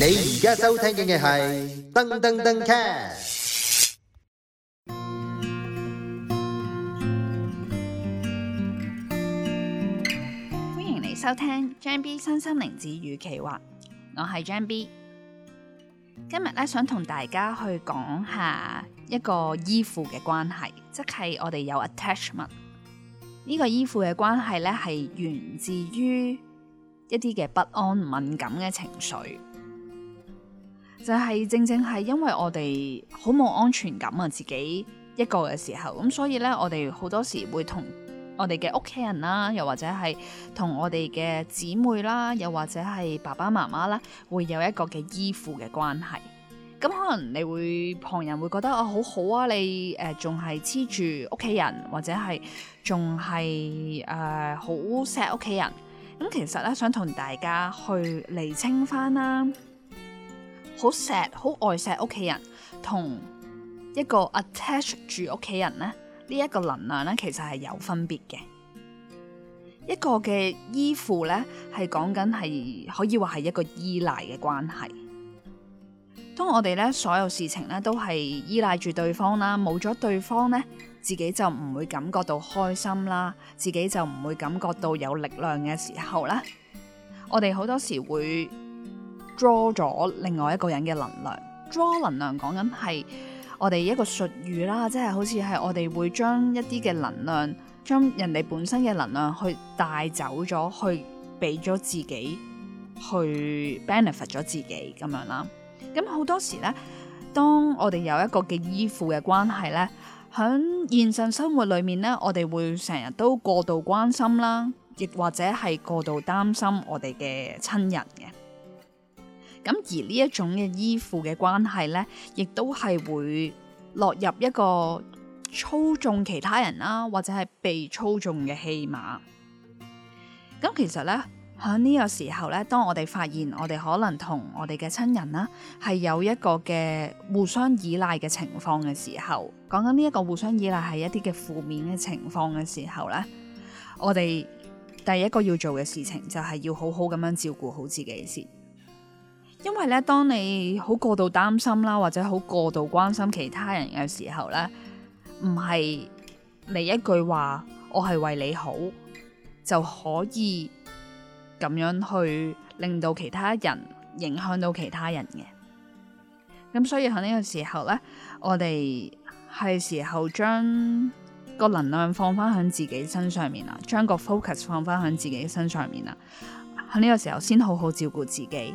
你而家收聽嘅係噔噔噔卡。登登登登歡迎你收聽 Jam B 新心靈子語企劃，我係 Jam B。今日咧想同大家去講一下一個依附嘅關係，即係我哋有 attachment 呢、這個依附嘅關係咧，係源自於一啲嘅不安、敏感嘅情緒。就係正正係因為我哋好冇安全感啊，自己一個嘅時候，咁所以咧，我哋好多時會同我哋嘅屋企人啦，又或者係同我哋嘅姊妹啦，又或者係爸爸媽媽啦，會有一個嘅依附嘅關係。咁可能你會旁人會覺得啊，好好啊，你誒仲係黐住屋企人，或者係仲係誒好錫屋企人。咁其實咧，想同大家去釐清翻啦、啊。好錫好愛錫屋企人，同一個 attach 住屋企人咧，呢一個能量咧，其實係有分別嘅。一個嘅依附咧，係講緊係可以話係一個依賴嘅關係。當我哋咧所有事情咧都係依賴住對方啦，冇咗對方咧，自己就唔會感覺到開心啦，自己就唔會感覺到有力量嘅時候咧，我哋好多時會 draw 咗另外一個人嘅能量，draw 能量講緊係我哋一個術語啦，即係好似係我哋會將一啲嘅能量，將人哋本身嘅能量去帶走咗，去俾咗自己去 benefit 咗自己咁樣啦。咁好多時咧，當我哋有一個嘅依附嘅關係咧，喺現實生活裏面咧，我哋會成日都過度關心啦，亦或者係過度擔心我哋嘅親人嘅。咁而呢一種嘅依附嘅關係呢，亦都係會落入一個操縱其他人啦，或者係被操縱嘅戲碼。咁其實呢，喺呢個時候呢，當我哋發現我哋可能同我哋嘅親人啦係有一個嘅互相依賴嘅情況嘅時候，講緊呢一個互相依賴係一啲嘅負面嘅情況嘅時候呢，我哋第一個要做嘅事情就係要好好咁樣照顧好自己先。因為咧，當你好過度擔心啦，或者好過度關心其他人嘅時候咧，唔係你一句話，我係為你好就可以咁樣去令到其他人影響到其他人嘅。咁所以喺呢個時候咧，我哋係時候將個能量放翻響自己身上面啦，將個 focus 放翻響自己身上面啦。喺呢個時候先好好照顧自己。.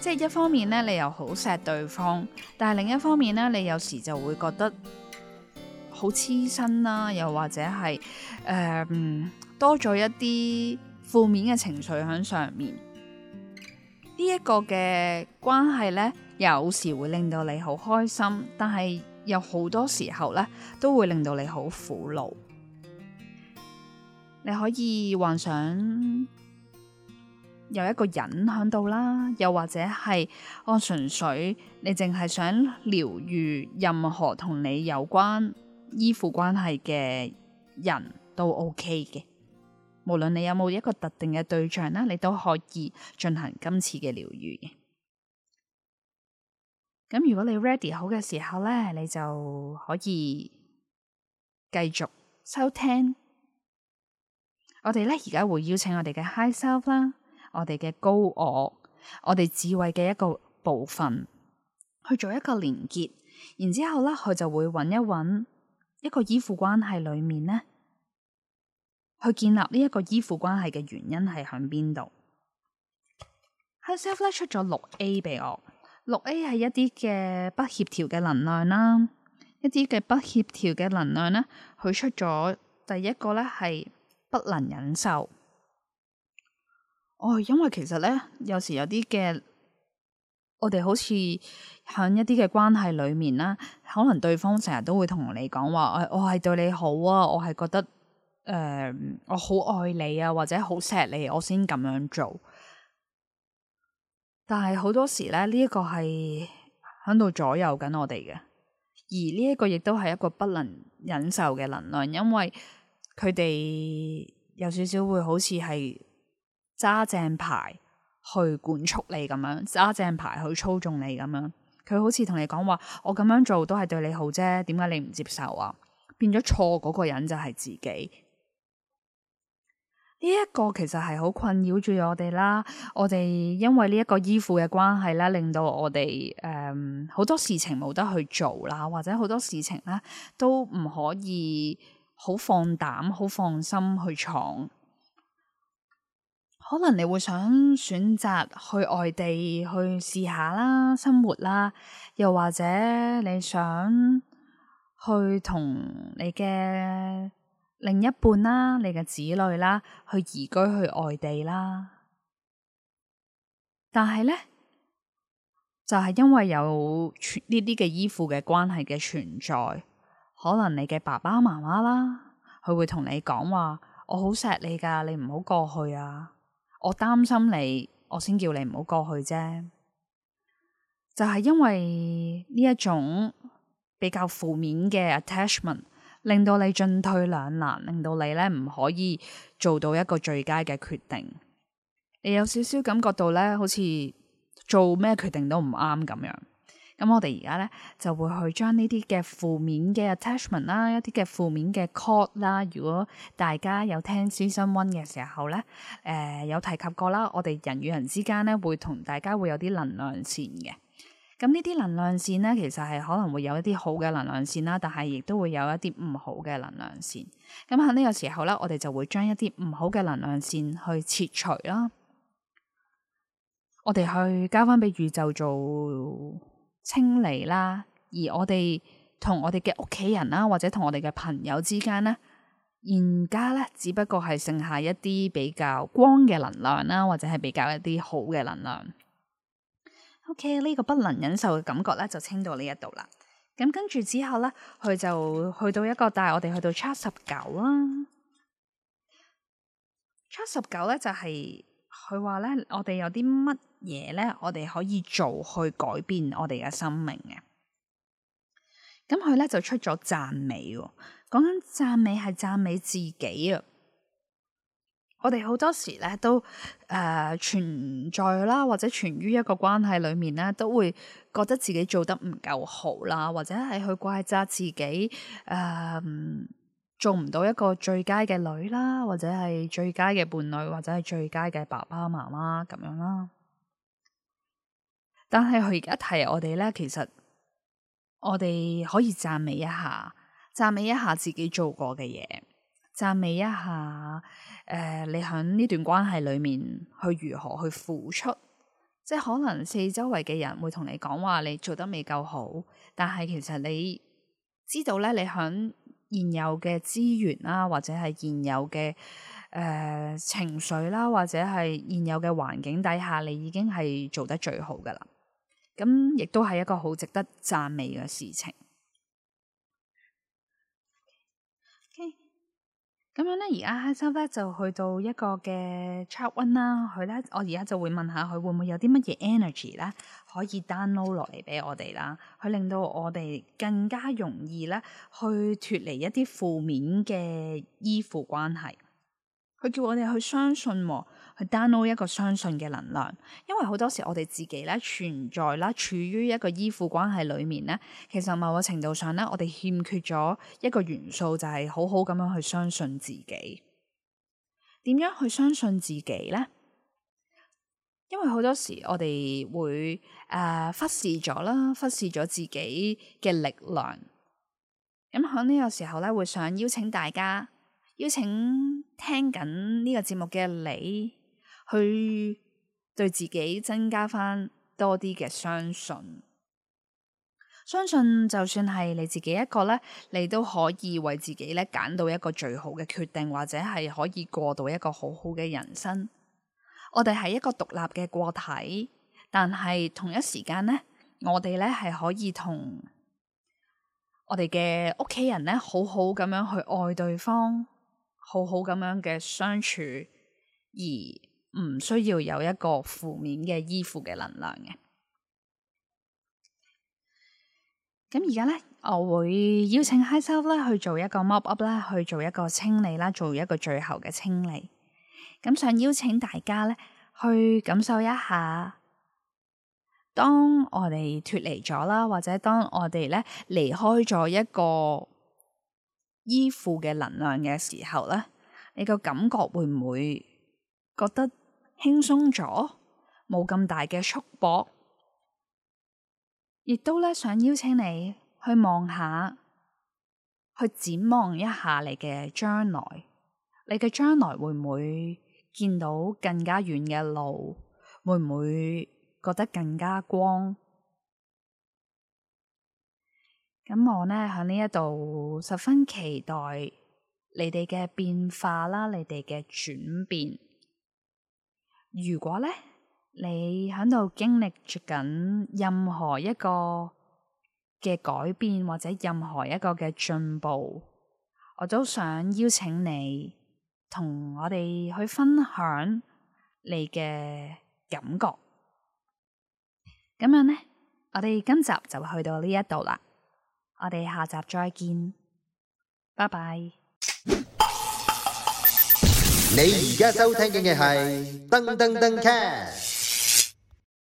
即係一方面咧，你又好錫對方，但係另一方面咧，你有時就會覺得好黐身啦，又或者係誒、呃，多咗一啲負面嘅情緒喺上面。這個、呢一個嘅關係咧，有時會令到你好開心，但係有好多時候咧，都會令到你好苦惱。你可以幻想。有一個人喺度啦，又或者係我純粹你淨係想療愈任何同你有關依附關係嘅人都 OK 嘅，無論你有冇一個特定嘅對象啦，你都可以進行今次嘅療愈嘅。咁如果你 ready 好嘅時候呢，你就可以繼續收聽。我哋呢而家，會邀請我哋嘅 Hi Self 啦。我哋嘅高我，我哋智慧嘅一個部分，去做一個連結，然之後咧，佢就會揾一揾一個依附關係裏面呢，去建立呢一個依附關係嘅原因係響邊度？self 咧，出咗六 A 俾我，六 A 係一啲嘅不協調嘅能量啦，一啲嘅不協調嘅能量呢，佢出咗第一個咧係不能忍受。哦，因為其實咧，有時有啲嘅，我哋好似喺一啲嘅關係裏面啦，可能對方成日都會同你講話，誒、哦，我係對你好啊，我係覺得誒、呃，我好愛你啊，或者好錫你，我先咁樣做。但係好多時咧，呢、這、一個係喺度左右緊我哋嘅，而呢一個亦都係一個不能忍受嘅能量，因為佢哋有少少會好似係。揸正牌去管束你咁樣，揸正牌去操縱你咁樣，佢好似同你講話，我咁樣做都係對你好啫，點解你唔接受啊？變咗錯嗰個人就係自己。呢一個其實係好困擾住我哋啦，我哋因為呢一個依附嘅關係咧，令到我哋誒好多事情冇得去做啦，或者好多事情呢都唔可以好放膽、好放心去闖。可能你會想選擇去外地去試下啦，生活啦，又或者你想去同你嘅另一半啦，你嘅子女啦，去移居去外地啦。但係呢，就係因為有呢啲嘅依附嘅關係嘅存在，可能你嘅爸爸媽媽啦，佢會同你講話，我好錫你噶，你唔好過去啊！我擔心你，我先叫你唔好過去啫。就係因為呢一種比較負面嘅 attachment，令到你進退兩難，令到你咧唔可以做到一個最佳嘅決定。你有少少感覺到咧，好似做咩決定都唔啱咁樣。咁我哋而家咧就會去將呢啲嘅負面嘅 attachment 啦，一啲嘅負面嘅 cord 啦。如果大家有聽 season one 嘅時候咧，誒、呃、有提及過啦，我哋人與人之間咧會同大家會有啲能量線嘅。咁呢啲能量線咧，其實係可能會有一啲好嘅能量線啦，但係亦都會有一啲唔好嘅能量線。咁喺呢個時候咧，我哋就會將一啲唔好嘅能量線去切除啦。我哋去交翻俾宇宙做。清理啦，而我哋同我哋嘅屋企人啦，或者同我哋嘅朋友之間呢，而家呢，只不過係剩下一啲比較光嘅能量啦，或者係比較一啲好嘅能量。OK，呢個不能忍受嘅感覺呢，就清到呢一度啦。咁跟住之後呢，佢就去到一個帶我哋去到七十九啦。七十九呢，就係、是。佢話咧：我哋有啲乜嘢咧？我哋可以做去改變我哋嘅生命嘅。咁佢咧就出咗讚美喎、哦，講緊讚美係讚美自己啊！我哋好多時咧都誒、呃、存在啦，或者存於一個關係裏面咧，都會覺得自己做得唔夠好啦，或者係去怪責自己誒。呃做唔到一個最佳嘅女啦，或者係最佳嘅伴侶，或者係最佳嘅爸爸媽媽咁樣啦。但係佢而家提我哋咧，其實我哋可以讚美一下，讚美一下自己做過嘅嘢，讚美一下誒、呃，你喺呢段關係裏面去如何去付出。即係可能四周圍嘅人會同你講話，你做得未夠好，但係其實你知道咧，你響。現有嘅資源啦，或者係現有嘅誒、呃、情緒啦，或者係現有嘅環境底下，你已經係做得最好噶啦，咁亦都係一個好值得讚美嘅事情。咁樣咧，而家開心咧就去到一個嘅 chapter one 啦。佢咧，我而家就問會問下佢會唔會有啲乜嘢 energy 咧，可以 download 落嚟俾我哋啦。佢令到我哋更加容易咧，去脫離一啲負面嘅依附關係。佢叫我哋去相信喎、啊。去 download 一個相信嘅能量，因為好多時我哋自己咧存在啦，處於一個依附關係裏面咧，其實某個程度上咧，我哋欠缺咗一個元素，就係好好咁樣去相信自己。點樣去相信自己呢？因為好多時我哋會誒忽視咗啦，忽視咗自己嘅力量。咁喺呢個時候咧，會想邀請大家，邀請聽緊呢個節目嘅你。去對自己增加翻多啲嘅相信，相信就算係你自己一個呢，你都可以為自己呢揀到一個最好嘅決定，或者係可以過到一個好好嘅人生。我哋係一個獨立嘅個體，但係同一時間呢，我哋呢係可以同我哋嘅屋企人呢好好咁樣去愛對方，好好咁樣嘅相處，而。唔需要有一個負面嘅依附嘅能量嘅。咁而家呢，我會邀請 High Self 呢去做一個 mop up 啦，去做一個清理啦，做一個最後嘅清理。咁想邀請大家呢去感受一下，當我哋脫離咗啦，或者當我哋呢離開咗一個依附嘅能量嘅時候呢，你個感覺會唔會覺得？輕鬆咗，冇咁大嘅束縛，亦都咧想邀請你去望下，去展望一下你嘅將來。你嘅將來會唔會見到更加遠嘅路？會唔會覺得更加光？咁我呢，喺呢一度十分期待你哋嘅變化啦，你哋嘅轉變。如果咧，你喺度經歷住緊任何一個嘅改變或者任何一個嘅進步，我都想邀請你同我哋去分享你嘅感覺。咁樣呢，我哋今集就去到呢一度啦，我哋下集再見，拜拜。你而家收聽嘅係噔噔噔 cat。